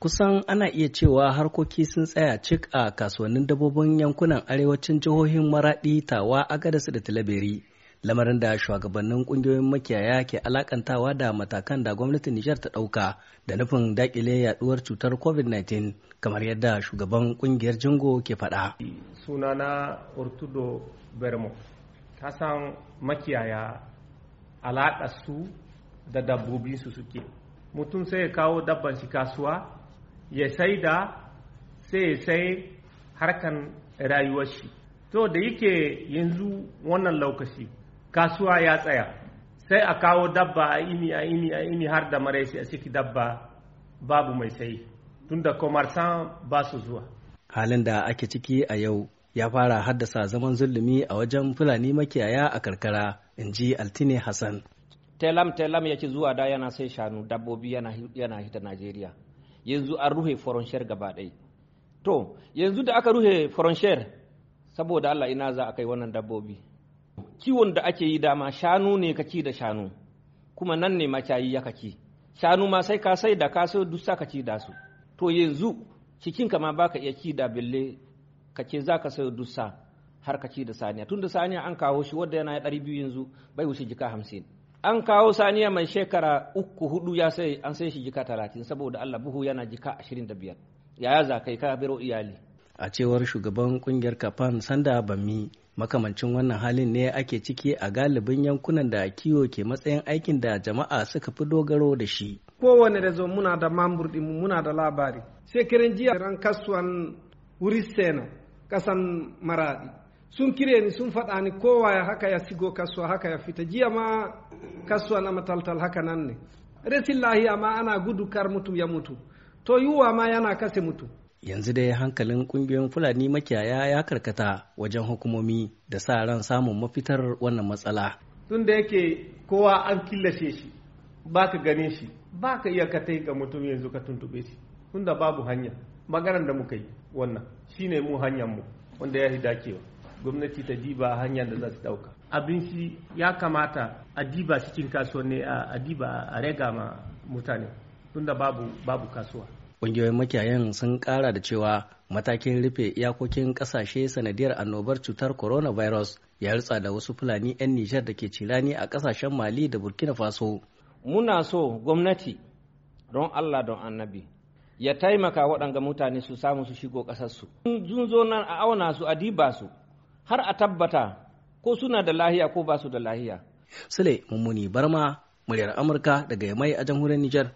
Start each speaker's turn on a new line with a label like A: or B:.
A: Kusan ana iya cewa harkoki sun tsaya cik a kasuwannin dabbobin yankunan arewacin jihohin Maraɗi, Tawa, Agadas da Talabiri. Lamarin da shugabannin kungiyoyin makiyaya ke alakantawa da matakan da gwamnatin Nijar ta ɗauka da nufin dakile yaduwar cutar COVID-19 kamar yadda shugaban kungiyar Jingo ke faɗa.
B: Sunana Ortudo Bermo, kasan makiyaya alaƙa su da dabbobinsu suke. Mutum sai ya kawo dabban shi kasuwa ya saida sai ya sai harkan rayuwar shi to da yake yanzu wannan lokaci kasuwa ya tsaya sai a kawo dabba a ini a ini a ini har da maraisi a ciki dabba babu mai sai tunda komarsan ba su zuwa
A: halin da ake ciki a yau ya fara haddasa zaman zulumi a wajen fulani makiyaya a karkara in ji altine hassan
C: telam telam ci zuwa da yana sai shanu dabbobi yana hita najeriya yanzu an ruhe faranshiyar gaba ɗai to yanzu da aka ruhe faranshiyar saboda allah ina za a kai wannan dabbobi kiwon da ake yi dama shanu ne ka ci da shanu kuma nan ne macayi ya kaci shanu ma sai ka sai da ka sai duk ka ci da su to yanzu cikinka ma baka iya ci da bille ka ce za ka sayo dusa har ka ci da saniya tun da saniya an kawo shi wadda yana ya ɗari biyu yanzu bai wuce jika hamsin an kawo saniya mai shekara uku hudu ya sai an sai shi jika talatin saboda Allah buhu yana jika ashirin da biyar yaya za kai ka biro iyali
A: a cewar shugaban kungiyar kafan sanda bami makamancin wannan halin ne ake ciki a galibin yankunan da kiwo ke matsayin aikin da jama'a suka fi dogaro da shi
D: kowane da zo muna da mamburdi muna da labari sai kiran jiya ran kasuwan wuri sena kasan maradi sun kire ni sun faɗa ni kowa ya haka ya sigo kasuwa haka ya fita jiya ma kasuwa na mataltal haka nan ne resin lahiya ma ana gudu kar mutum ya mutu to yiwuwa ma yana kase mutu
A: yanzu dai hankalin kungiyoyin fulani makiyaya ya karkata wajen hukumomi da sa ran samun mafitar wannan matsala
B: tun da yake kowa an killace shi ba ka gane shi ba ka iya ka ga mutum yanzu ka tuntube shi tunda babu hanya maganar da muka yi wannan shine mu hanyar mu wanda ya dakewa gwamnati ta diba hanyar da za su dauka abinci ya kamata a diba cikin kasuwanni a diba a rega ma mutane tunda babu babu kasuwa
A: ƙungiyoyin makiyayan sun ƙara da cewa matakin rufe iyakokin ƙasashe sanadiyar annobar cutar coronavirus ya rutsa da wasu fulani 'yan nijar da ke cirani a ƙasashen mali da burkina faso muna so gwamnati don allah don annabi
C: ya taimaka waɗanga mutane su samu su shigo ƙasarsu sun zo nan a auna su a diba su har a tabbata ko suna da lahiya ko ba su da lahiya.
A: Sule Mummuni Barma, muryar Amurka
C: daga Yamai a jamhuriyar
A: Nijar.